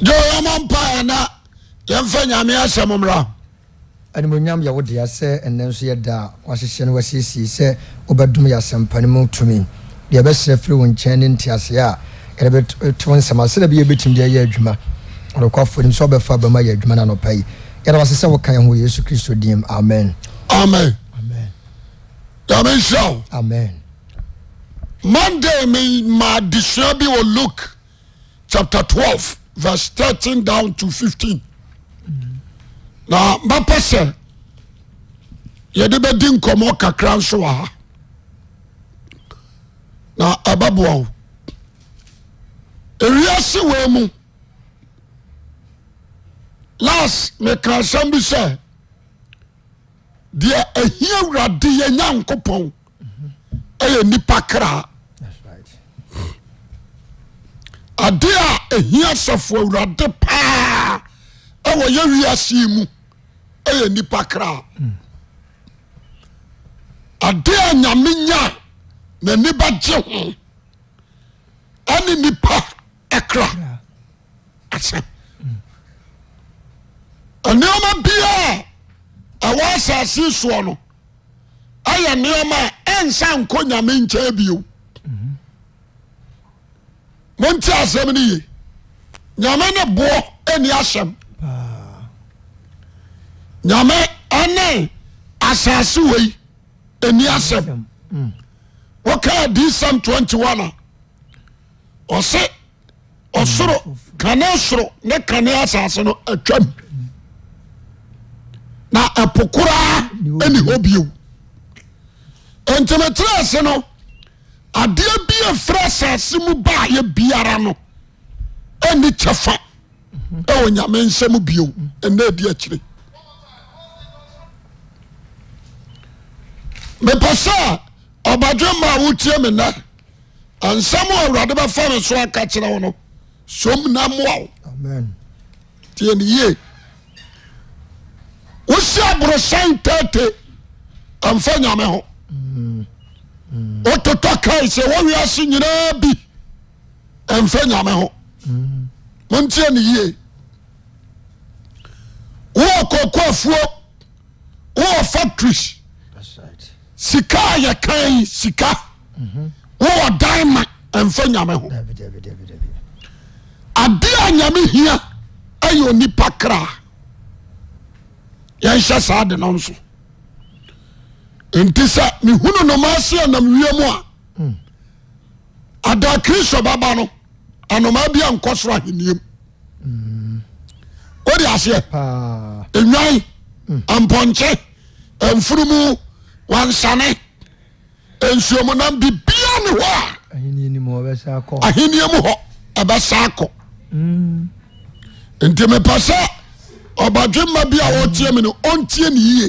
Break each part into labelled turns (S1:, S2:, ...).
S1: gyeyɛma mpaɛ na yɛmfa nyame asɛm mmra animonyam yɛwo dea sɛ ɛnɛ nso yɛda a wahyehyɛ no wasiesie sɛ wobɛdom yɛ asɛmpa no mu tumi deɛ ɛbɛserɛ firi wo nkyɛn ne nteaseɛ a yɛdebɛto nsɛm asɛda bi yɛbɛtumi de ɛyɛ adwuma ɔdokwafoɔ nim sɛ wobɛfa bɛma yɛ adwuma no anɔpa yi yɛda wase sɛ woka yɛ ho yesu kristo dim amen amen yamenhyira wo amen
S2: monday me maadesua bi wɔ luke chapter 12 vers 13 d t 15 na mmapɛ sɛ yɛde bɛdi nkɔmmɔ kakra nso wa ha na ɛbaboa wo ɛwia se we mu las meka asɛm bi sɛ deɛ ɛhi awurade yɛnyankopɔn yɛ nnipa kraa ade a ɛhia sɛfo awurade paa ɛwɔ yɛ wiasei mu ɛyɛ nipa kraa ade a nyame nya na nipa gye ho ɛne nipa ɛkra asɛ nneɔma biaa ɛwɔ asase soɔ no ɛyɛ nneɛma a ɛnsa nkɔ nyame nkyɛɛ bio monti asɛm no ye nyame ne boɔ ani asɛm nyame ɛne asase wei ani asɛm wokaa di sɛm 21 a ɔse ɔsoro kane soro ne kane asase no atwan na apokoraa ani hɔ bi nti meterɛse no adeɛ bia frɛ asase mu baa yɛ biara no ɛni fa ɛwɔ nyame nsɛm bio ɛna adi akyire mepɛ ɔbadwe maa wotie me nɛ ansɛm a awurade bɛfa so aka kyerɛ no som na yie wosi nyame ho mm. wototɔ kae sɛ wowiase nyinaa bi mfa nyame ho montiɛne yie wowɔ kokoafuo wɔwɔ factric sika a yɛ ka sika wowɔ dan ma mfa nyame ho ade a nyame hia ayɛ onipa kraa yɛnhyɛ saa de no nso nti sɛ mehunu nomaase anamwie mu a hmm. ada kristo baba no anomaa bia nkɔ soro ahenniam hmm. wode aseɛ ɛnwan ampɔnkye hmm. mfunumu wansane nsuomunam bibia ne hɔ a ahenniamu hɔ ɛbɛsaa kɔ nti mepɛ sɛ ɔbadwemma bi a wɔtie me no ɔntie ne yie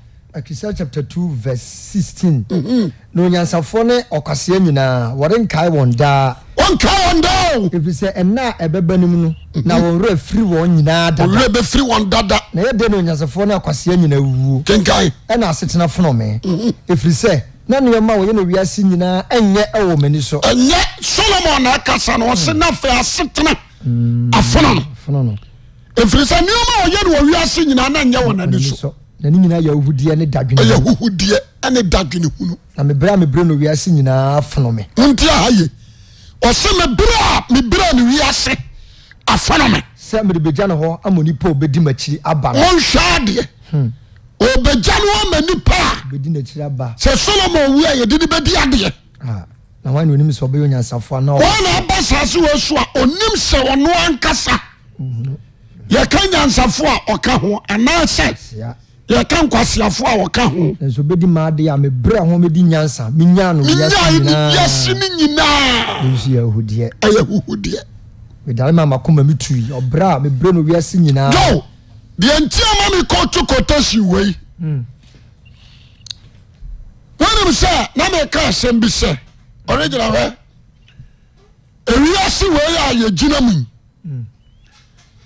S1: akisa chapter two verse sixteen. na onyansafo ne ɔkwaseɛ nyinaa wɔde nkae wɔn daa. wɔn nkae wɔn daa o. efisɛ ɛna ɛbɛbɛ ne mu no. na mhm. wɔn wura firi wɔn nyinaa dada. wɔn wura bɛ firi wɔn dada. na yɛ den na onyansafo ne ɔkwaseɛ nyinaa wuo. kenkan. ɛna asetena funome. Mhm. efirisɛ na nneɛma wɔyɛ na wiase nyinaa
S2: ɛnyɛ ɛwɔ mani so. ɛnyɛ solomon na ɛkasa na ɔsi n'afɛ asetena afunan. Mm. afunan. efirisɛ nneɛma wɔyɛ na wiase nyinaa na ɛnyɛ wɔ n'ani na ne
S1: nyinaa yɛ ahuhudeɛ ne dadwene ɛyɛ ahuhudeɛ ɛne dadwene hunu na mebere a mebere no wiase nyinaa afono me
S2: wonti aha ye ɔsɛ mebere a mebere no wiase afono me sɛ mede bɛgya no hɔ ama nipa a obɛdi m'akyiri aba no ɔnhwɛ adeɛ hmm. obɛgya no ama nipa
S1: a
S2: sɛ solomon wu a yɛde ne bɛdi adeɛ
S1: na wane onim sɛ ɔbɛyɛ onyansafoɔ na ɔna aba
S2: saase wɔ so a ɔnim sɛ ɔno ankasa mhm. yɛka nyansafoɔ a ɔka ho anaasɛ yɛka
S1: nkwaseafoɔ a wɔka ho obɛdi maade a mebrɛ ho mɛdi nyansa menya no yɛse no nyinaa ɛnso yɛ ahudeɛ ɛyɛ huhudeɛ medare ma makoma me tui ɔbrɛ a mebrɛ no wiase nyinaa jo deɛ nti ama mekɔ to kɔtɔsi wei
S2: wonim hmm. sɛ na meka asɛm bi sɛ ɔne gyina hɔ ewiase wei a yɛgyina mu hmm.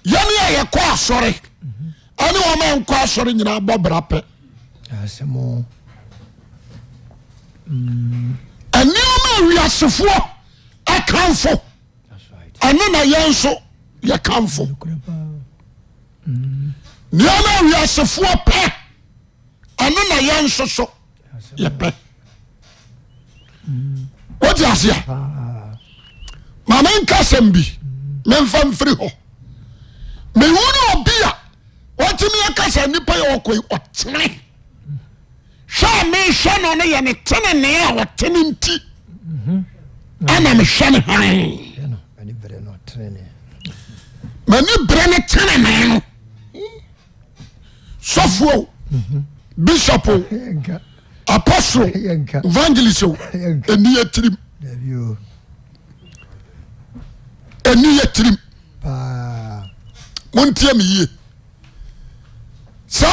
S2: yɛne a yɛkɔ asɔre ane womankɔ asɔre nyinaa bɔbra pɛ anuama awiasefoɔ akamfo anona yɛnso yɛ kamfo nneana awiasefoɔ pɛ ano na yɛnso so yɛ pɛ wodi asea mamenkasam bi memfa mfiri hwunoi wɔtumi yɛka sɛ nnipa yɛ wɔkɔi ɔtene hwɛ mehwɛ no no yɛne ne tenenee a wɔtene nti ana mehwɛ ne hann mani berɛ no ne mhm. no sɔfoɔ mhm. bishop apostle evangelist ɛni yɛ tirim ɛni yɛ tirim montie me yie sɛ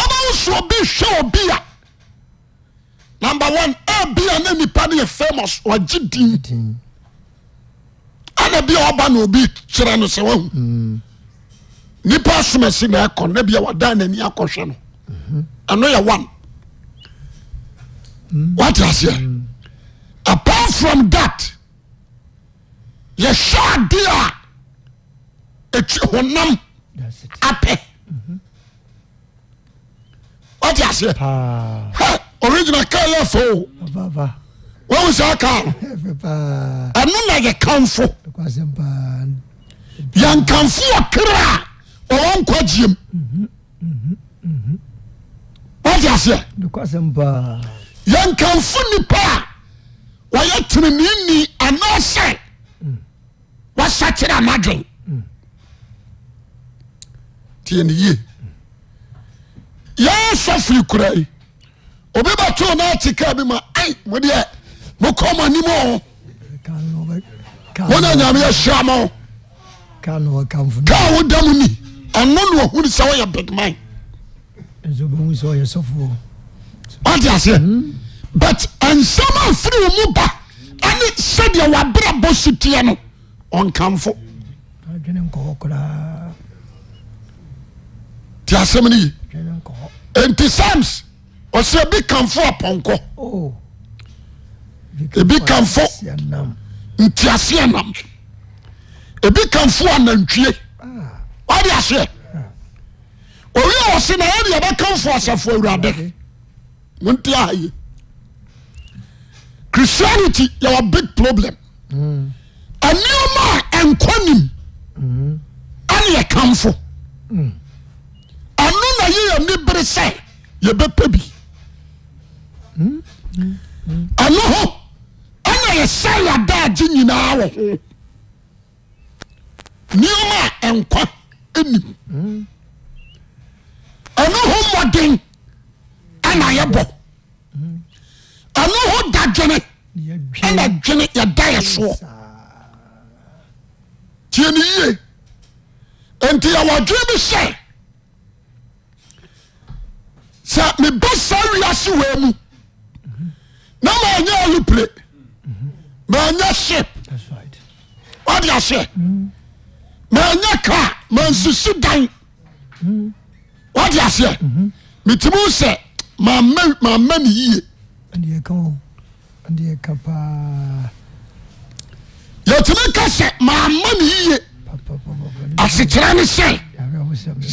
S2: wobɛwo so obi hwɛ obi a number one abia na nipa no yɛ famous wagye din ana bia ɔba na obi kyerɛ no sɛ wahu mm. nipa asomasi na ɛkɔ na bia wadan n'ani akɔhwɛ no mm-hmm. ɛno yɛ one mm. wate aseɛ mm. apart from that yɛhwɛ adeɛ a ɛtwi honam apɛ eaeɛ original kafoosak anonayɛ kamfo yankamfo ɔkra a ɔwɔnkɔ agyiɛm de aeɛ yɛnkamfo nnipa a wɔyɛ toname nni anasɛ wasakyerɛ amadwoɛne yɛsɛ firi kora yi obi ba bɛtoo na ate ka bi ma ai modeɛ mokɔ mo Mo o wone nyame yɛhyia ma wo ka woda mu ni ɛno na ɔhunu sɛ woyɛ bigman ɔde aseɛ but ansɛm afiri wo mu ba ane sɛdeɛ wabrɛ bɔ soteɛ no ɔnkamfo nti asɛm no yi enti simes ɔsɛ bi kamfo apɔnkɔ ɛbi oh. kamfo ntiaseanam ɛbi kamfo anantwie ah. wade asyeɛ ɔwi ah. ɔse nawɛde bɛkamfo asafo awurade onti ayi christianity yɛwɔ big problem aneɔmaa hmm. nka nim aneɛ hmm. kamfo hmm. yɛyɛnibere sɛ yɛbɛpɛ bi anoho ana yɛsɛe yada agye nyinaa wɔh nneɛmaa nkwa ni anoho mmɔden ana yɛbɔ anoho da dwene ɛnadwene yɛda yɛsoɔ ntiɛneyie nti yɛwɔ dwee bi sɛ sɛ meba saa wiase wei mu na maanyɛ alupire maanyɛ ship wode aseɛ maanyɛ kaa mansisi dan wode aseɛ metumi sɛ maama ne yie yɛtumi ka sɛ maama ne yie asekyerɛ ne sɛ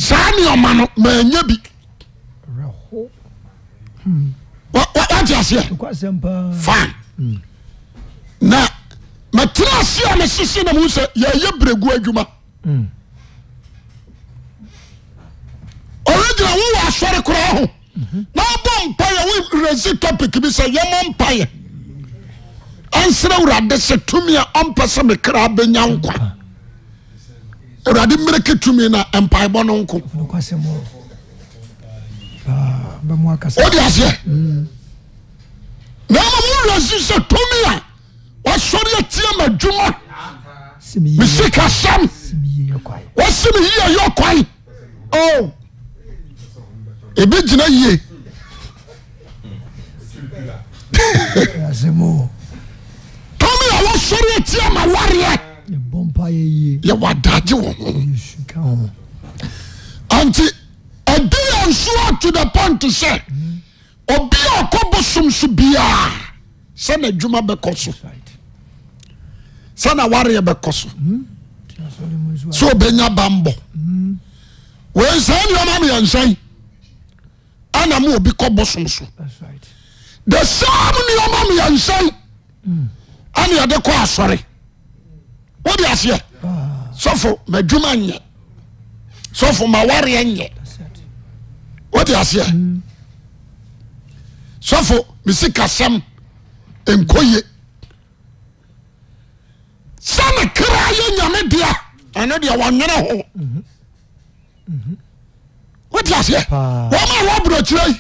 S2: saa nneɔma no maanya bi wate
S1: aseɛfa
S2: na matera aseɛa mesese nomu sɛ yɛyɛ berɛgu adwuma ɔregyina wowɔ asɔre kora ho na wobɔ mpayɛ woresi topic bi sɛ yɔmɔ mpayɛ ɛnsrɛ wurade sɛ tumi a ɔmpɛsɛ mekra bɛnya nkwa awurade mmereke tumi no mpaebɔ no nko wode ah, aseɛ na hmm. ama mowurasi sɛ tomi a wasɔre atia ma adwuma mesikasɛm wase me yie yɛ kwan ebi gyina yie tomi a wasɔre atia ma wareɛ yɛwɔ adagye wɔ ho anti sua to the point sɛ obia ɔkɔ bo som so biaa sɛnaadwuma bɛkɔ so sɛnawareɛ bɛkɔ so hmm? sɛ ɔbɛnya bambɔ hmm? wnsae nneɔma myɛnsɛn ana ma obi kɔ bo som so he sam nnemamyɛnsɛn hmm. aneɛde kɔ asɔre wodi aseɛ ah. sɛfo madwuma yɛ sɛfo mawareɛ yɛ wateaseɛ sofo misika sɛm nkoye sane kra yɛ nyame dea an deɛ wwene ho wasɛ wma wɔborɔkyerai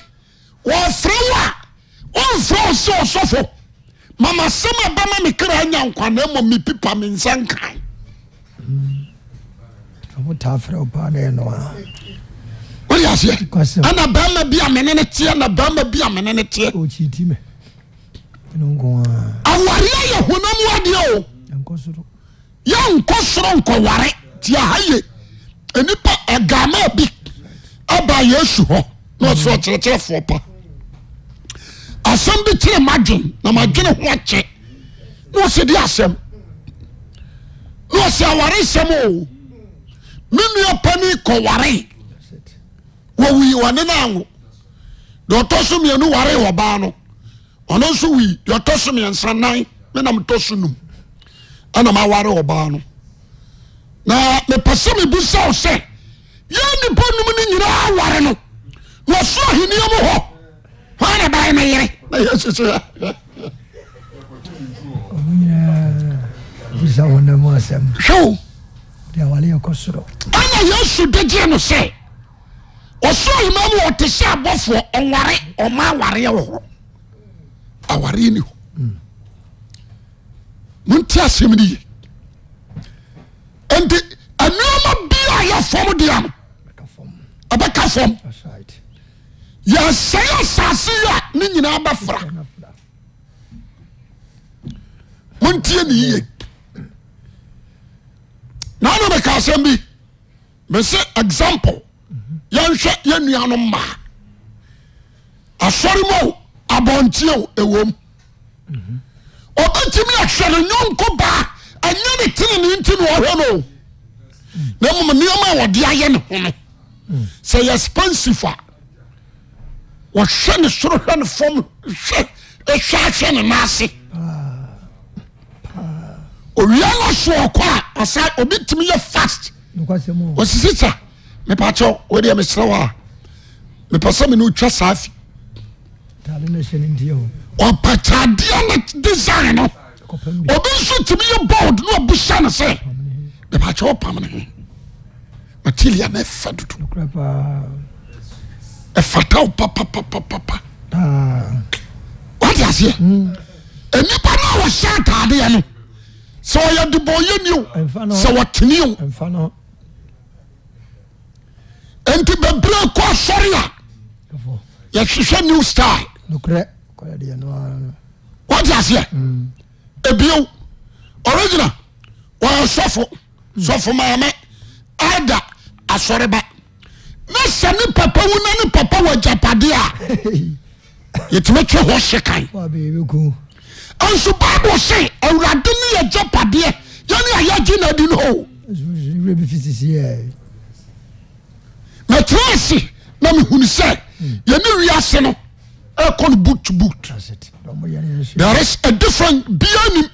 S2: ɔsrɛ o a ɔmsrɛ o sɛo sɔfo mamasɛm abama mekra nyankwana mmo mipipaminsankan wode aseɛ ana bɛrima bi a mene ne teɛ na bɛrima bi a mene ne teɛ awareɛ yɛ honam wadeɛ o yɛnkɔ soro nkɔware nti aha ye nipa ɛgama bi aba yesu hɔ na ɔsɛ mm. ɔkyerɛkyerɛfoɔ pa asɛm bi kyerɛ madwen na madwene ho akyɛ na di asɛm na ɔsɛ aware nsɛm o me nua pani kɔware wɔwii wɔne na awo de ɔtɔ so mmianu ware ɔbaa no ɔna nso wii yɛɔtɔ so mmiɛ nsanan menamtɔ so nom anamaware ɔbaa no na mɛpɛ sɛ me busao sɛ yɛ nnipa num no nyina aware no wɔsoro heniam hɔ ha na baɛ mo yere ana yaasu dagye no sɛ ɔsoyima mɔ te sɛ abɔfoɔ ɔware ɔma awareyɛ wɔ ro awarene h monti asɛm ne ye nti anuama bia yɛ fom de am ɛbɛka fɔm yɛasai asase yea ne yinaa ba fra montie neyiye nane meka asɛm bi mese example yɛnhwɛ yɛnnua no maa asɔre mu abɔnteɛ ɛwom ɔbɛtumi ahwɛ no nyɔnko baa ɛnyɛ ne tenene nti ne ɔhwɛ no na mmom nneɛma a wɔde ayɛ ne ho no sɛ yɛ expensive a wɔhwɛ ne soro hwɛ ne fam hwɛ ɛhwɛ ahwɛ ne n'ase owia no soɔ kɔ a asa obi tumi yɛ fast wɔsisi sa mepɛkyɛw wedeɛ meserɛ w a mepɛ sɛ mi ne twa saa fi ɔpɛtadeɛ no dessign no ɔbɛ so timiyɛ boad no abu sa no sɛ ɛkyɛ pamn iifa d ɛfatawo pa deaseɛ anipa no a wɔsyɛ taadeɛ no sɛ ɔyɛ debɔ yɛnio sɛ wɔtene wo nti bebree kɔ asɔre a yɛhwehwɛ new style wate aseɛ mm. ebio original wɔyɛ sɔfo sɔfo maame ada asɔreba na sɛ ne papa wu na ne papa wɔ japade a yɛtumi twe hɔ hye kan nso bible se awurade ne yɛ japadeɛ yɛne ayɛgye na adi no naterase na mehunu sɛ yɛne wi ase no rkɔno butbris a different bia nim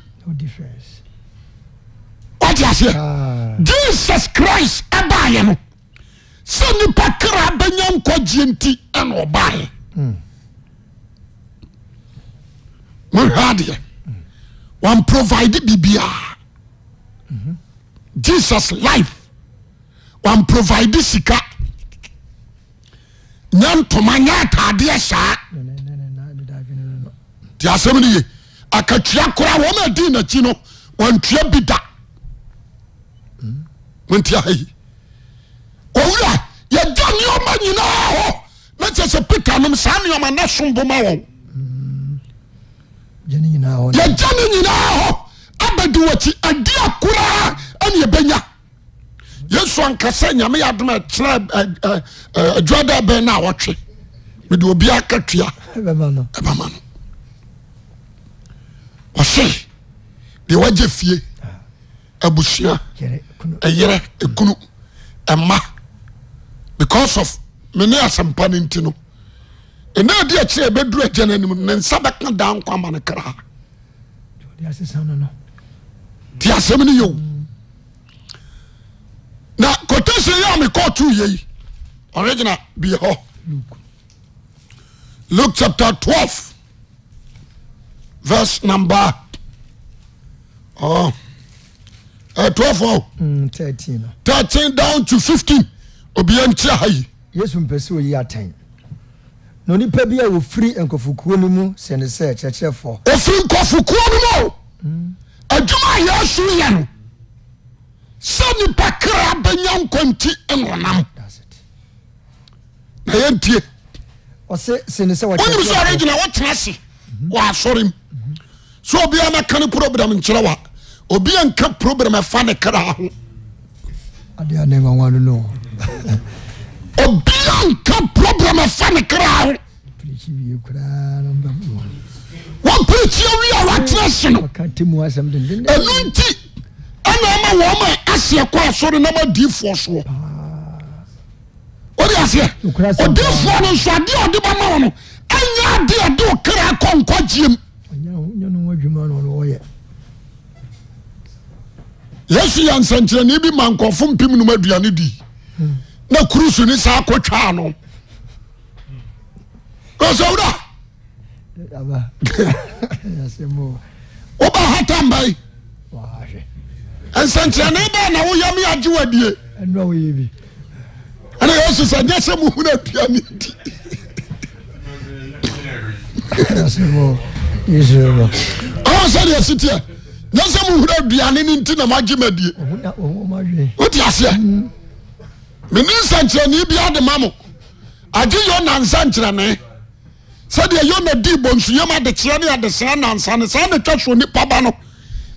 S2: wode aseɛ ah. jesus christ bayɛ no sɛ nnipa kra bɛnya nkɔ gyeɛ nti nɔɔbare hmm. mea deɛ wamprovide birbia mhm. jesus life wamprovide sika nyantomanya ataadeɛ saa nti asɛm ne ye akatwua koraa wɔna adii naki no wɔntwua bi da nti ahayi ɔwura yɛgya nne ɔma nyinaa hɔ nɛ tɛ sɛ pita nom saa nneɔmana som boma wɔ yɛgya ne nyinaa hɔ abɛde wɔki adi akoraa aneɛbɛnya yɛsu anka sɛ nyame yɛadom kɛ adwuada bɛn no a wɔtwe mede obiaa ka tua bɛma no he deɛ wagye fie abusua ɛyerɛ kunu ɛma because of mene asɛmpa no nti no ɛnade kyerɛ ɛbɛduru agyano nim nne nsa bɛke daa nko ama no karaa tiasɛm no yɛo na quotation yɛ a luke chapter twelve verse number oh, eh, twelve oh, mm, thirteen oh. thirteen down to
S1: fifteen obiara nkyia ha yi. yesu mpɛ oyi atɛn na free bi a ofiri nkɔfokuo mu sɛne sɛ ofiri nkɔfokuo no
S2: a sɛ nipa kra bɛnya nkwa nti nwonam na yɛntie wonim sɛ ɔregyina wotena ase wɔ asɔre m sɛ obiaa mɛka ne program nkyerɛ wa obia nka program ɛfa ne kra ho obia nka program ɛfa ne kra ho wapirikyia wie a watena se no
S1: ɛnu
S2: nti anama wɔma asiɛkɔasɔr namadifoɔ soɔ oeasɛ ɔfoɔ no soe ɔde nao no yɛdedekra kɔ nkɔ ɛ yɛso yɛnsankyerɛnebi mankɔfo i nomne na krs hmm. no saa kɔtwa no sɛwa wobahaaa
S1: ɛnsɛnkyerɛ ne bɛ nawoya m
S2: ɛagye wa die ɛneyɛɔso sɛ ɛnɛsɛ mhura aduane ni sɛdeɛ asi eɛ nyɛsɛ mhuna aduane no nti na maage ma die wotiaseɛ mm. mene nsankyerɛne bia ade ma mo age yɔ nansa nkyerɛne sɛdeɛ yɛnadi bɔnsueama adekyeɛ ne ɛdesea nansane saa nɛtwasoɔne pa ba no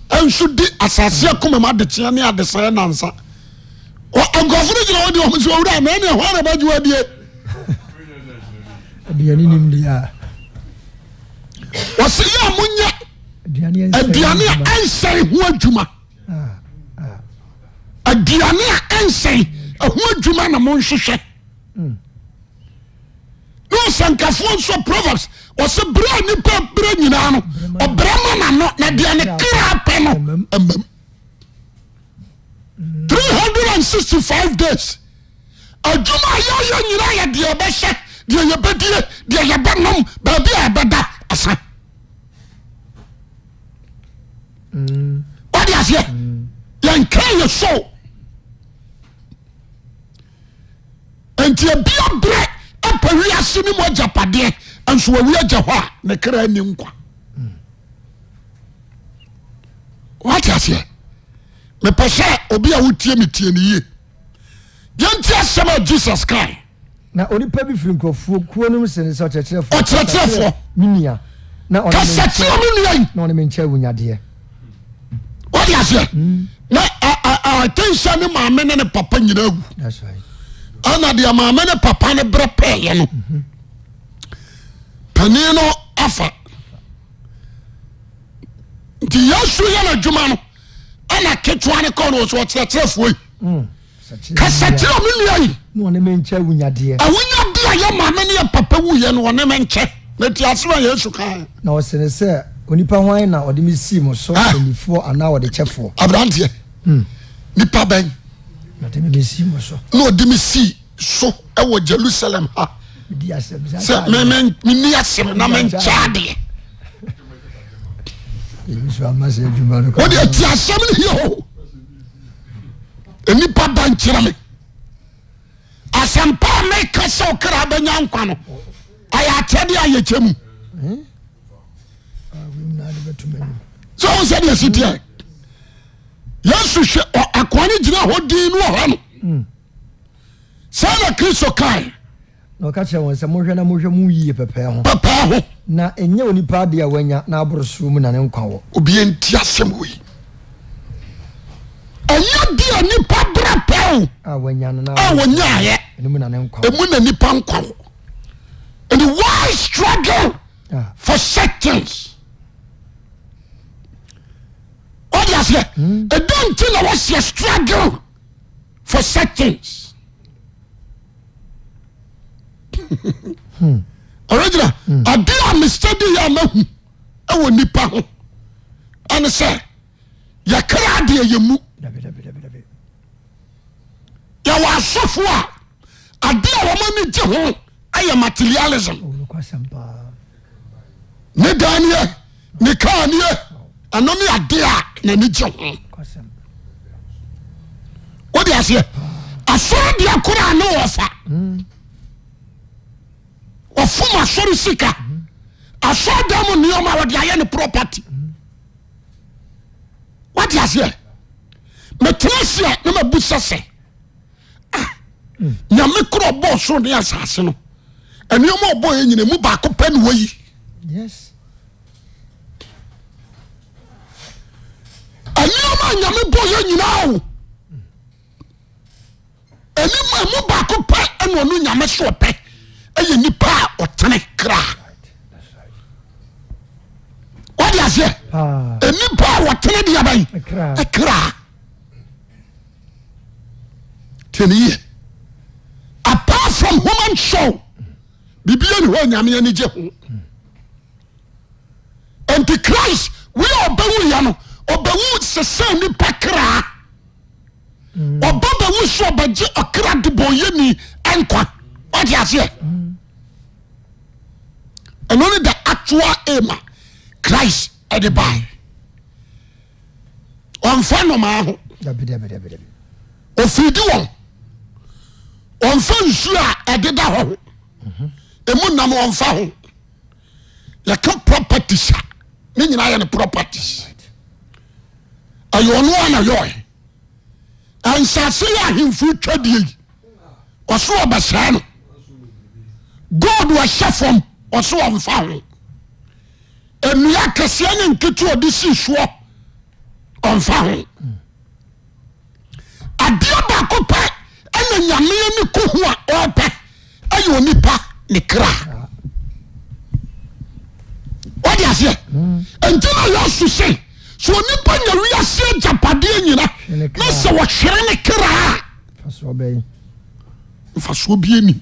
S2: nso di asase akomama dekeɛne ade sɛɛ nansa ɔgɔfo no gyina ode wranehɔ aawowadi ɔse yɛ a moyɛ aduane a ɛnsɛe ho adwuma aduane a ɛnsɛe ho adwuma na mo nhwehwɛ mm. ne ɔsankafoɔ nso provabs ɔsɛ berɛ anipa berɛ nyinaa no ɔbrɛ ma nano na deɛ ne kra pɛ no amam 365 days adwuma a yɛyɛ nyinaa yɛ deɛ ɔbɛhyɛ deɛ yɛbɛdie deɛ yɛbɛnom baabia yɛbɛda asadeseɛ yɛnka yɛs ntiabia berɛ apawiase no mu agyapadeɛ naweaja hɔa nekrani nkwa ade aseɛ mepɛ sɛ obi a wotie me tienye yenti asɛm a jesus kaekerɛkyerɛfokesɛ teɛ mo nuai deaseɛ n atensiane mamene ne papa yina agu ana de mame ne papa no berɛ pɛyɛ no panin no afa nti yɛsu yɛ no adwuma no ana ketewa no kɔ no so ɔkyerɛkyerɛfoɔ yi hmm. kasakyerɛ ɔme nua
S1: yi awonyadeɛ a yɛ maame
S2: ne yɛ papa wuyɛ no ɔne me nkyɛ na ti asɛm a yɛsu ka
S1: na ɔsene sɛ onipa hwan na ɔde me sii mu so anifoɔ
S2: ah! anaa ɔde kyɛfoɔ aberanteɛ hmm. nipa bɛn na ɔde me sii so ɛwɔ jerusalem ha
S1: ɛmeni asɛm na menkyaa
S2: deɛwode atu asɛm no hie hɔo anipa da nkyerɛ me asɛmpaa me ka sɛo kara bɛnya nkwa no ayɛ atɛdeɛ ayɛkyɛ mu ah, sɛ wo sɛdeɛ asitia yɛsu hwɛ akwane gyira hɔ din no ɔha no mm. saa na kristo kae
S1: rɛwsɛmoɛnmohɛ moyie pɛɛh na yɛ onpa de wanynbsmunan nkwa
S2: wɔannna n nkwag f ge f ds original hmm. hmm. adeɛ a mestadi yɛ amahu wɔ nnipa ho ane sɛ yɛkradeɛ yɛ mu yɛwɔ asafoɔ a adea wɔmane gye ho ayɛ materialism ne daa neɛ ne karneɛ ɛno me yɛdeɛa nani gye ho wode aseɛ asadeɛ koraa ne wɔ sa ɔfom asɔre sika asɔda mu nneɔma a wɔde ayɛ ne property wate aseɛ metena seɛ na mabu sɛ sɛ ah, nyame korɔ ɔbɔɔ soro ne asase no ɛnneɔma ɔbɔɔ yɛ nyina mu baako pɛ ne wɔyi ɛnneɔma a nyame bɔɔ yɛ nyinaa o ɛnim a mu baako pɛ ɛna ɔno nyame soɔ pɛ ɛyɛ nipa a tekrde aseɛ anipa awɔtene deabayi kraa tnye apart from human sow birbia ne hɔ nyamea ne gye ho anti christ wea ɔbawu yɛ no ɔbawu sesɛ nipa kraa ɔba bawu so ɔbɛgye ɔkra de bɔ yɛni nkwan ade aseɛ mm. ɛno ne da atoa ama christ ɛde bae ɔmfa nnomaa ho ɔfiridi wɔ ɔmfa nsuo a ɛdeda hɔ ho mu nnan ɔmfa ho yɛke properties a ne nyinaa yɛ no propertis ɛyɔnoaanayɔ ansasɛ yɛ ahemfortwadiei ɔso ɔbɛsaɛ no god whyɛ f ɔsɛ ɔmfa ho anua kɛseɛ ne nketea ɔde sii soɔ ɔmfa ho adeɛ baako pɛ ɛna nyameɛ ne kohu a ɔpɛ ɛyɛ onipa ne kraa wode aseɛ ɛnti na yɛ aso sei sɛ onipa nya wiaseɛ gyapadeɛ nyina na sɛ wɔhwere ne kraa
S1: a
S2: mfasoɔ bianim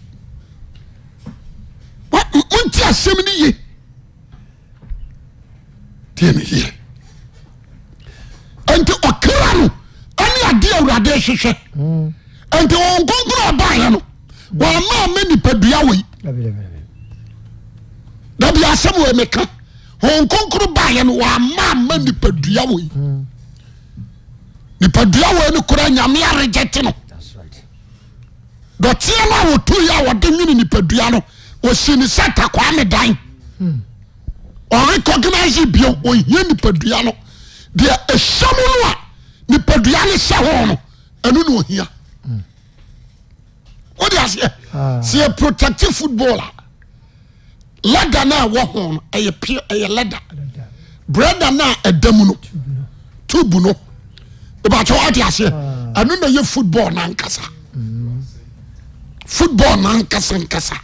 S2: wonti asɛm ne ye deɛnee nti ɔkra no ɛne ade awurade hweswɛ nti ɔ nkonkro baɛ no wmaa ma nipadua woi na biasɛm wɔ meka hɔ konkro baeɛ no wma ma nipadua w i nipaduawi no kora nyamea regye te no dɔteɛ no a wɔtoi a wɔde wene nipadua no ɔsine sɛ taka medan cognaise bio hia nipadua no deɛ hyɛm no a nipadua ne sɛ ho no ɛnonahiadeɛ ah. ɛyɛproteti fotball a lda nawho yɛ lada brɛda na adamu no t b no ɛdeɛ ɛnonayɛ fotball noasa fotball na nkasankasa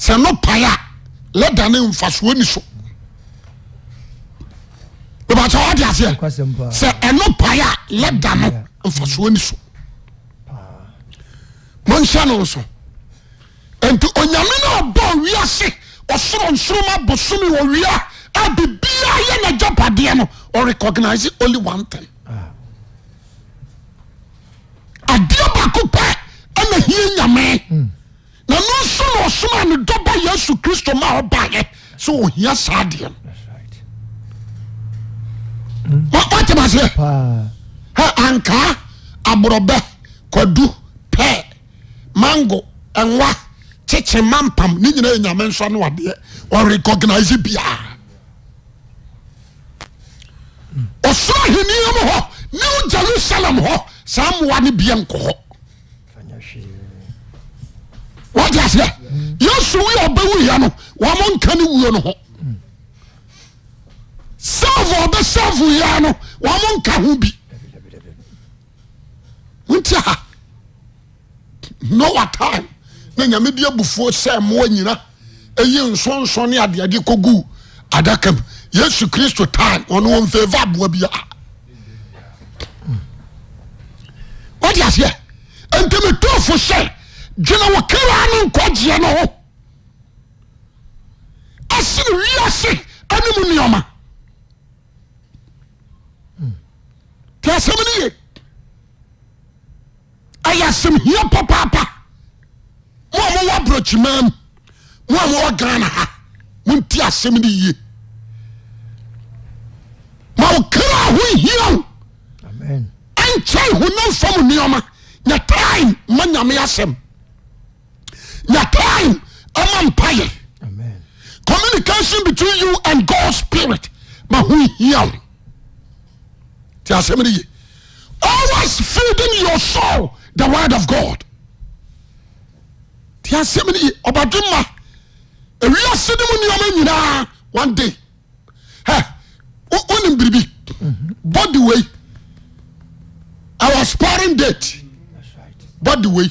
S2: sɛ no paya a leda ne mfasoɔ ni so ìbàtà ọ̀dì àfẹ́ sẹ ẹnu paya lẹ́dà nù nfasuo ni so mọ n ṣe n'o so nti onyame náà bọ̀ wíyá sí ọ̀soro nsoroma bosomi wọ̀ wíyá a bìbí ayé na japadeɛ no ọ̀ recognize only one thing ah. adeɛ baako pɛ ɛna hiɛ nyame. Mm. nano nso na ɔsomaanedɔ ba yesu kristo ma ɔbayɛ sɛ ɔhia saa deɛ no mm. aseɛ ankaa aborɔbɛ kwad pɛ mango nwa kyekye mapam ne nyina yɛnyame ns n adeɛ recognise bia mm. ɔsoro henom h ne jerusalem hɔ saa moa ne bie nkɔ hɔ wọ́n ti àṣeyẹ yéésù wíyà ọbẹ̀ wíyà no wọ́n mọ̀ nkà ni wúyọ no ho sáàfù ọbẹ̀ sáàfù yíyà no wọ́n mọ̀ nkà ho bi nti ha noa time na nyame de abufuo sɛ mmoa nyina ɛyi nsonson ne adeade kɔgu adaka mu yesu kristo time ɔno ɔmfɛva aboa biara wode aseɛ ntimitoofo hyɛ gwina wo kara no nkɔ gyeɛ no ho ase no wiase anom nneɔma nti asɛm no ye ayɛ asɛm hia papapa ma amowabrakyimaa m ma awoaga n ha monti asɛm no ye mawokara ho hiao ankyɛ ho namfa mu nneɔma nya train ma nyameɛasɛm na time ɛma mpayɛ communication between you and God's spirit ma ho hia wo ti asɛm no ye always feeding your soul the word of god ti asɛm no ye ɔbade ma ewiase no mu nneɛma nyinaa one day hɛ wonim biribi mm-hmm. body wei our sparring date body wei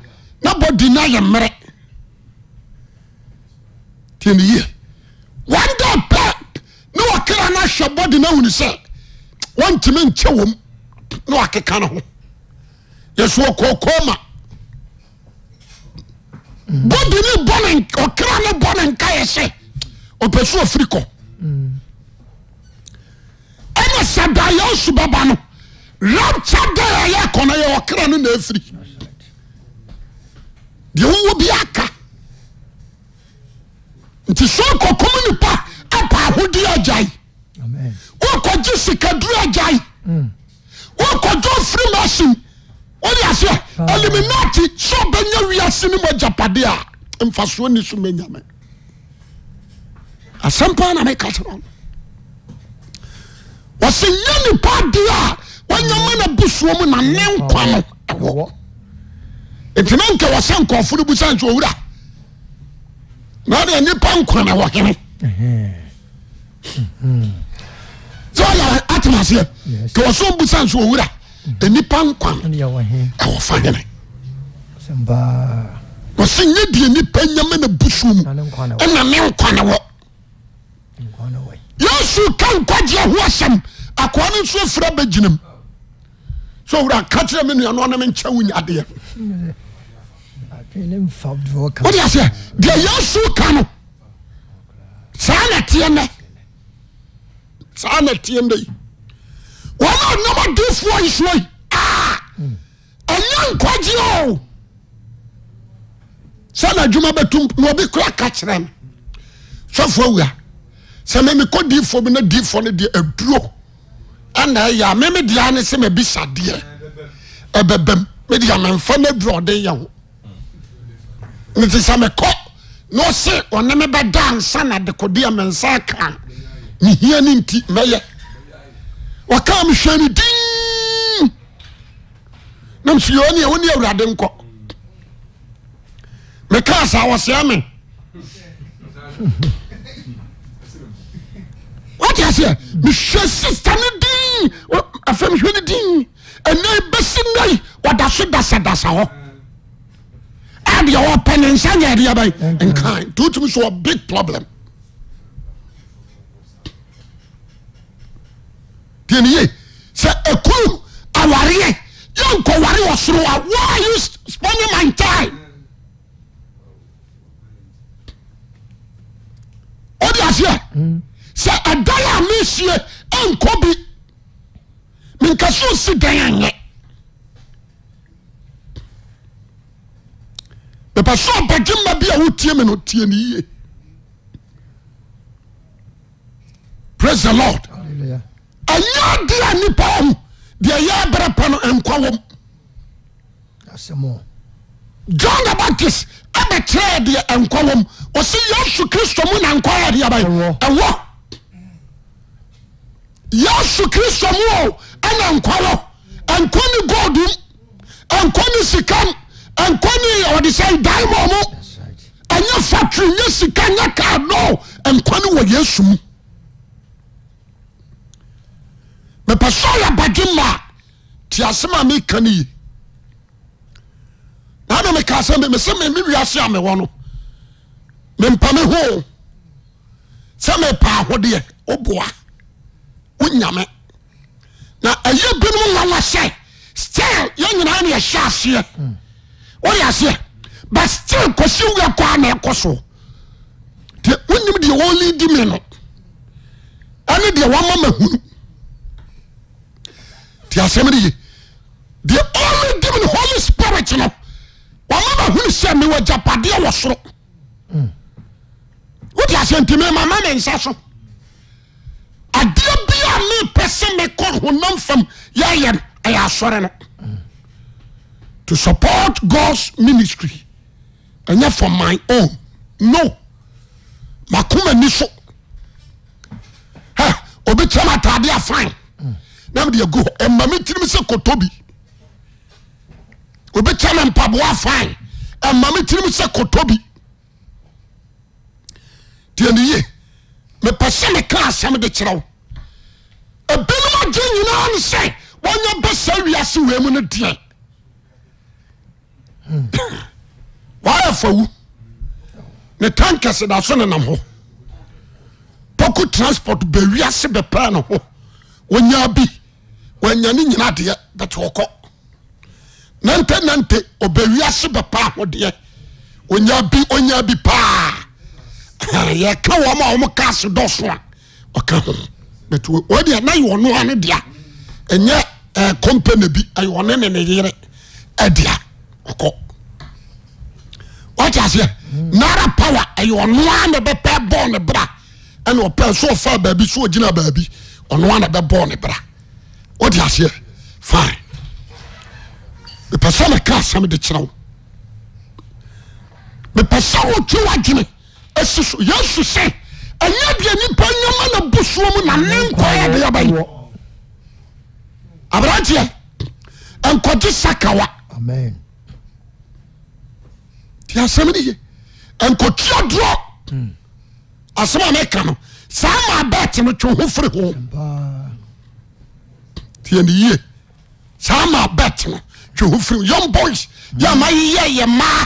S2: na bɔdi no yɛ mmerɛ tineyie wanda pa ne ɔkra no ahwɛ bɔde no awune sɛ wɔntimi nkyɛ wo m na akeka no ho yɛsoɔkɔkɔ ma dɔkra ne bɔ ne nkayɛ sɛ ɔpɛso ɔfiri kɔ ɛnɛ sɛ daa yɛ subaba no rata daa yɛ kɔnoyɛɔkra no naasiri ɛowɔ b aka nti sɛ kɔkom nipa apaahodiɛ agyai wokɔgye sicadri agyai wokɔgye ofrimasin wodease aliminat sɛ ɔbɛnya wiase no m agyapadeɛ a mfasoɔ n somnyam asɛm namea wɔsɛyɛ nipa deɛ a wnyama na bosoo mu nanenkwa no nti nankɛwɔsɛ nkɔfo no busane so wra na de nnipa nkwane wɔ ene sɛatemaseɛkɔson busane sowr anipa nkwan awɔfa ene bose yɛ di nipa nyamana busoo mu ɛna me nkwanewɔ yɛsu ka nkagye hoasɛm akoa ne nso afira ba gyinam ka kerɛ menuannmenkyɛ wo nyadeɛwoes deɛ yɛ sowo ka no saa na teɛɛsaa na tiɛmnɛi ɔmaanamadifoɔ yi sooi ya nkɔe o sɛna adwuma bɛtm naɔbi kora ka kyerɛ no fɛfuɔ awua sɛ memekɔ difoɔ bi na difoɔ no deɛ abuo ɛna ɛyɛ a mɛmɛ di ani sɛ mɛ bi sadeɛ ɛbɛbɛm mɛ di ama nfa e mɛ bi ɔde yɛ ho ne ti sɛ mɛ na ɔsi ɔne mɛ bɛ da ansa na dekodi ama nsa kan ne hia ne nti mɛyɛ wɔka mi hwɛ ne diin na nsu yɛ ɔni ɛwɔ ni awurade nkɔ mɛ kaa sa wɔ dsea mehɛ sisa no dinmɛno din ɛnɛbɛsi nai ɔdaso dasadasa hɔ adewɔɛnensayɛeaba nkin ta big problem y sɛ akuro awareyɛ yɛnkɔware wɔ soroa a n mitdsea sɛadala amesie nkɔ bi menkasɛsi dɛn ayɛ bɛpɛ sobdema bi a wotie mn tinyie pras the lord anyɛadea nnipa w h deɛ yɛbrɛ pa no nkwa wɔm john abaptis abɛtyerɛɛ deɛ nkwa wom ɔsɛ yesu kristo mu na nkawhaba yesu kristo muo ana nkar nkwane godom nkwane sikam nkwane ɔdesɛdai mɔmu ɛnyɛ fatre nya sika nya kanɔ nkwa ne wɔ yesu mu mɛpɛ sɛyɛ badenmaa tiasɛma mekaneyi anemeka sɛmsɛmewiase amewɔ no mempame ho sɛ mepaahodeɛ oboa nɛyɛ binom wawa sɛ sil yɛ nyina na ɛhyɛ aseɛ woe aseɛ bu sil kɔsɛ wakɔanaɛkɔ soɔ ti wonim deɛ oy dimi no ɛne deɛ wamama hunu iasɛme eɛ mn holy spirit no amama hunu sɛ mewa yapadeɛ wɔ soro mm. wote ase ntimi mamama nsa so semekhnfam yɛyɛ ayɛasɔre no to support gos ministry ɛnyɛ from my own no makomani so obɛkyam atadeɛ fai nmedea mametirim sɛ kotb oɛkɛm mpaboa afa mametirim sɛ kotɔ bi tianye mepɛ sɛmekra asɛm de kyerɛwo obinom ɔgye nyinaa ne sɛ wɔyɛ bɛsɛ wiase we mu no deɛ hmm. wayɛfa wu ne tankesedaso ne nam hɔ pɔku transport bɛwiase bɛpɛa ne h ɔnya bi ayane nyina deɛ bɛɔknannante ɔbwiase bɛpɛa hodeɛ yab paayɛka wma ɔ kas dɔsoaa nynane dea ye compen bi yneneneyere diae nara powe ynuaneene braeese eka same de kereo epese o tewa ene ses yesu se ɛnɛbia nipa wama nabuso mu nanenkɔɛbaba abrateɛ nkɔgye sakawa ti asɛm re ye nkɔtu dɔ hmm. asɛm a meka no saa ma bet no twɛ hofere ho ti aneye saa ma bet no whofr yon boys yɛma yeyɛ yɛ ma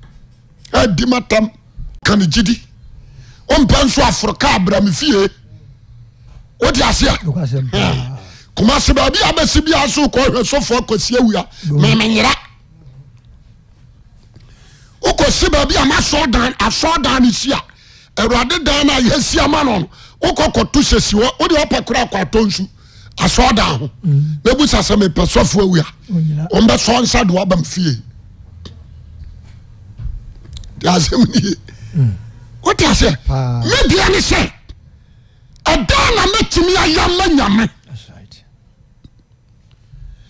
S2: adi matam kane gyidi wompɛ nso aforo ka abrame fie wode ase a hmm. koma se baabi abɛsi bia so kɔhwɛ sofoɔ kɔsi awia memenyera wokɔsi baabi a masɔdan asɔdan no si a awurade dan no a yɛsi ama no no wokɔ kɔto sɛsi hɔ wode wɔpɛ kora kɔ atɔ nsu asɔdan ho na hmm. bu sa sɛ mepɛ sɔfoɔ awia nsa de woabam fie asɛm nie hmm. wote aseɛ mebia ne sɛ ɛdaa na mɛtumi ayɛ ma nyame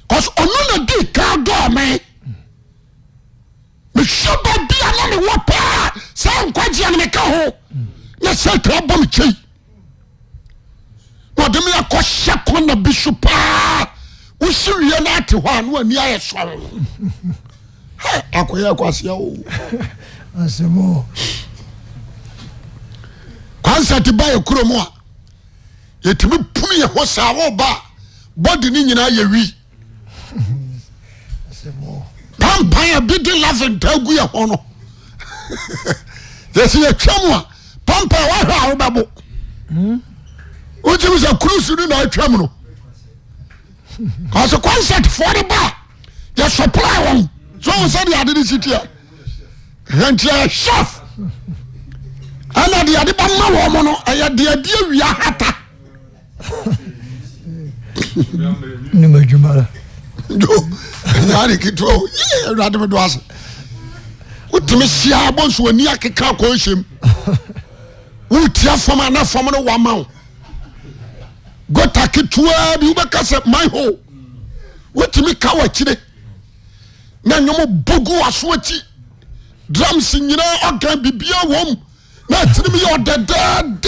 S2: cause ɔno na dii ka dɔɔ me mehwɛ ba bia na mewɔ paa saa nkwagyeɛ no meka ho hmm. na sɛtaa bɔ me kyɛi na ɔde me akɔhyɛ kɔna bi so paa wosi wie no ate hɔ a na wani ayɛ sɔre akɔyɛ akɔaseɛ o kuonset ba yɛkuro mu a yɛtimi pun yɛhɔ saawɔba a bɔde ne nyinaa yɛwii pampa a bid lafntaa gu yɛhɔ no yɛ sɛ yɛtwa mu a pampa a wɔhɛ a wobɛbo wotimisɛ kurosu no naatwa mu no asɛ cuonsetfoɔ ne ba a yɛsɔpra wɔn so wo sɛdeɛ ade ne sitia nkyɛn chef ɛna deɛ de ba ma wɔn mo no ɛyɛ deɛ deɛ wia hata.
S1: nim adwuma la.
S2: jo ɛnyaade ketewa o yee awurade mi do ase wotumi si abo nso ani akeka kɔn hyɛm wotia fam ana fam no wa ma o gota ketewa bi wobɛka sɛ my hole wotumi ka wɔ akyire na nyɔmo bogu aso akyi. usyina gan bibiawom metiremyɛ dedaaeean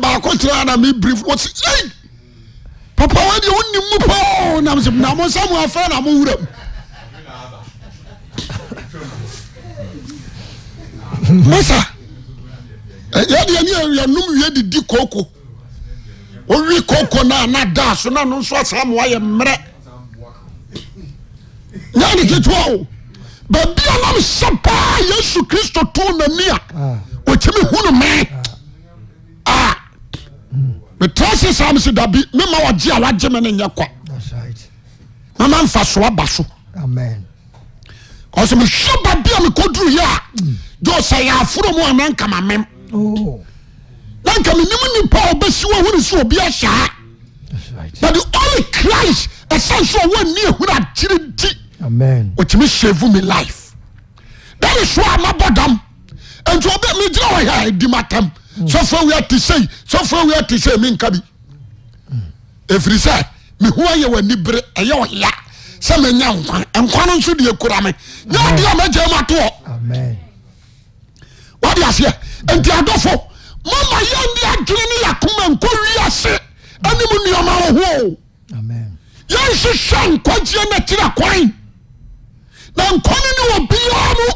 S2: a no ddi koko owi koko noanada so na no nsoasaa mewayɛ mmerɛ nya ne kiteo babianamsɛ paa yesu kristo too nania wɔkimi hu no me a metra se saa me so da bi mema wagyea wagye me ne nyɛ kɔa mamamfa soaba so ɔsmehwɛ ba bi a mekɔduru ye a gyɛɔsa mm. yaaforo mu anenkamamem ke menim nipa besiwohene soobi se but l cris sesowani hu kerii kimi sefome life a mbda i fis niba mama yɛnne adwene ne yɛkoma nkɔ wiase ano m nneɔmawɔ hoo yɛnhwehwɛn nkagyea no akyira karen na nkɔne ne wɔ biawa mu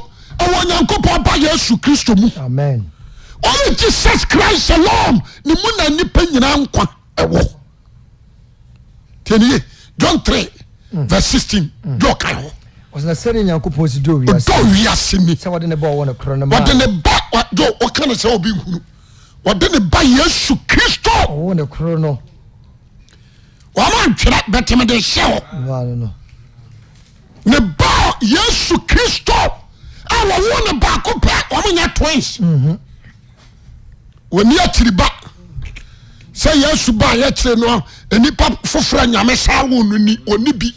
S2: ɛwɔ onyankopɔn ba yesu kristo mu one jesus christ alom ne mu na nnipa nyina nkwa ɛwɔj31 wɔde ne ba yesu kristo ɔwo ne koro no wɔma ntwerɛ bɛtemede hyɛ hɔ ne ba yesu kristo a wɔwo ne baako pɛ wɔmonyɛ twins mhm. wɔni akyiri ba sɛ yesu ba yɛkyire no nnipa foforɔ nyame saa wo no ni ɔni bi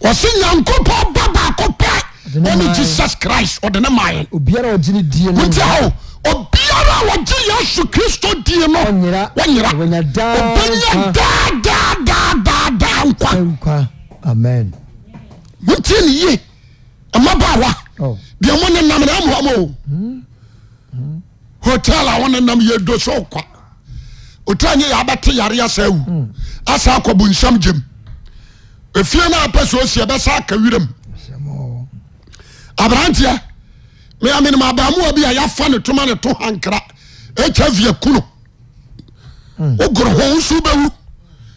S2: wɔ nyankopɔn ba baako pɛ ome jesus cris dene maɛti obiara wgye yesu kristo di no yera ya d nka ontineye maba ha b wone nam nmuam hotel a wone nam yɛdo sɛka tyeyabɛte aresaw asak hmm. bnsa ɛfenpɛ sɛsie bɛsaka wr abranteɛ meamenem abaa mowa biayɛfa ne troma ne to hankra ɛka viakuno hmm. wogoro howo so bɛwu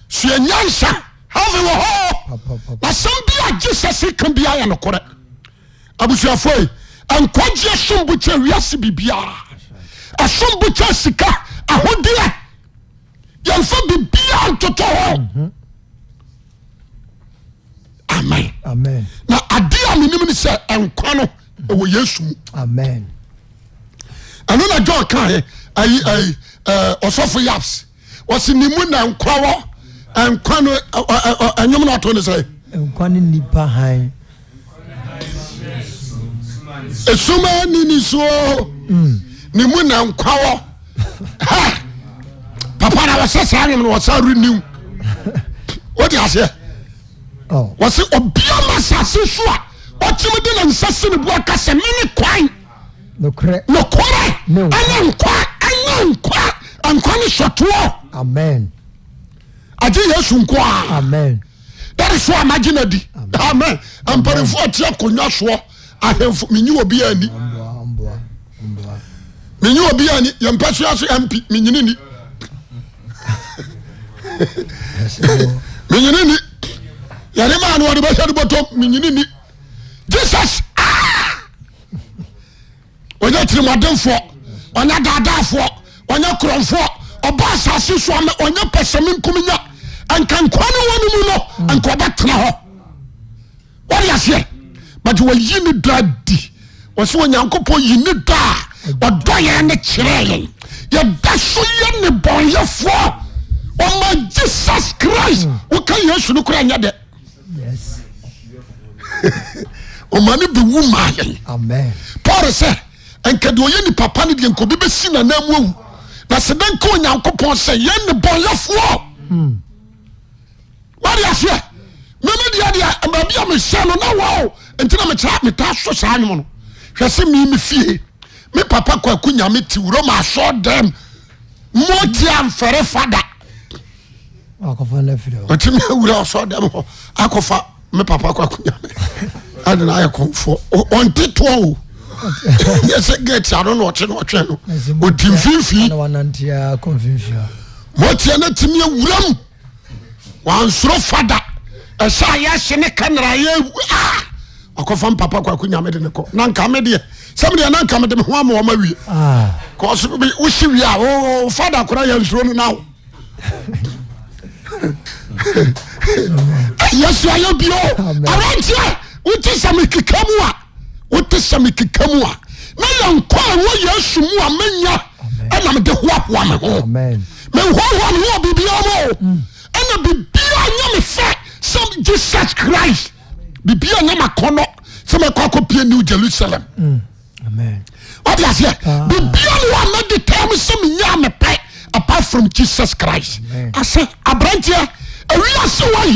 S2: sua nyanhya havelɔ hɔ nasam bia yesɛ se ka bia yɛnokorɛ abosuafoi ankoagye sonbokye wiase birbiaa ɛsombotye sika ahodeɛ yɛmfa bibia ntoto ho
S1: amen Amen.
S2: na adeɛ a menim ne sɛ nkwa no ɛwɔ yesu mu ɛno na john kaɛ ɔsɔfo yaps ɔse ne mu na nkwa wɔ nkwa no ɛnwom no ɔto ne sɛ nkwa
S1: no nipa han
S2: esuma ni ni so mm. ni mu na nkwa wɔ papa na wɔsɛ saa nwom no wɔsa renew wode aseɛ wɔ se obioma saase so a ɔkeme de na nsa se no boaka sɛ mene kwan nokorɛ nnwanɛnwa nkwa ne sɔtoɔ aye yɛ asu nkoa dare soɔ a magyena di m amparimfo atiɛ kɔnnwa soɔ ahemfo menyiwɔbiani menyiwɔbiani yɛmpɛ soa so ampi menyininiyinini yɛrema newɔdebɛhɛ re bɔtɔm menyinini jisus ɔyɛ tiri mɔdenfoɔ nɛ dadaafoɔ nɛ kornfoɔ ɔba asase so ama nyɛ pɛ same nknya nka nka nwano mu no nka ɔɛtena hwreyaseɛ btn anyankopɔn keɛ ɛa so yɛ ne bnyɛfoɔ ɔma jisus cris woka yɛ so nokora yɛdɛ ɔma ne bi wu mayɛ par sɛ ɛnkɛde ɔyɛ nipapa no de kɔobɛbɛsi nanamuawu na sɛ dɛnkɛ onyankopɔn sɛ yɛ ne bɔnyɛfuɔ hmm. wade aseɛ mamɛdiadea amabiamehyɛ no na wɔo nti na meta so saa wom no hwɛ sɛ mim fie me papa kwako yame te wurɔmaasɔdem mɔtia mfɛre fada a in timiwra sro fada ɛyasene kana ead yɛ soayɛ bio aranteɛ wote sɛ me kekamu a wote sɛ me keka mu a meyɛ nkaama yɛ asomu a manya ɛnamede hoahoa me ho mehɔn ho birbia m ɛna birbia nya mefɛ some jesus christ birbia namakɔnɔ sɛ mɛkɔ akɔpie new jerusalem aɛ birbia nomɛde tam sɛ menyame jeu cisnt ɛae t ewɛjeewɛkristmanny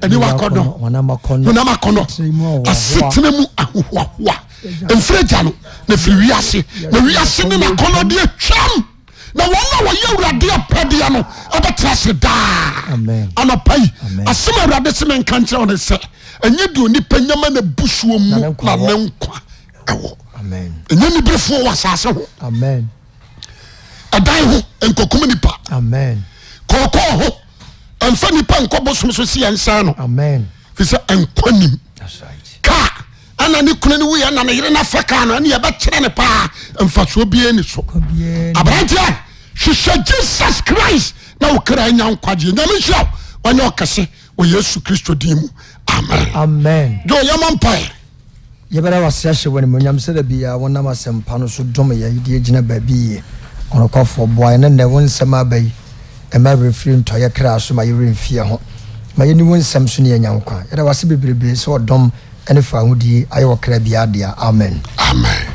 S1: naɔasetenamu
S2: ahohoahoa mfrɛgya no na firi wiase naiase no noknnɔ deɛtwam na ɔna wɔyɛ wurade ɛ pɛdeɛ no bɛtrɛ se daa anapayi asɛm awurade seme nka nkyerɛ n sɛ ɛyɛ doonipa nyɛma na bu so mu nane nkwa wɔ ɛnya nniberefoɔ wɔ sase ho ada ho nkkma nipa kɔɔkɔɔ ho ɛmfa nipa nkɔ bosom so sɛyɛ nsa no fiisɛ nkɔ nim ka ɛnane kona no wuyɛ nane yere nofa ka no n yɛbɛkyerɛ no paa mfasobieni so brantia hwehyɛ jesus christ na wokara nya nkɔgye nyam hyɛ nɛ ɔkɛse ɔ yesu kristo din mu mn yɛmapayɛɛa
S1: sehyɛnsɛbnpnabb ɛma refiri ntɔ yɛ kra so ma yɛwerɛ mfie ho ma yɛni wo nsɛm so ne yɛnya nkwa yɛda wase bebrebe sɛ ɔdɔm ne fa hodie ayɛ wɔ kra bia dea amen amen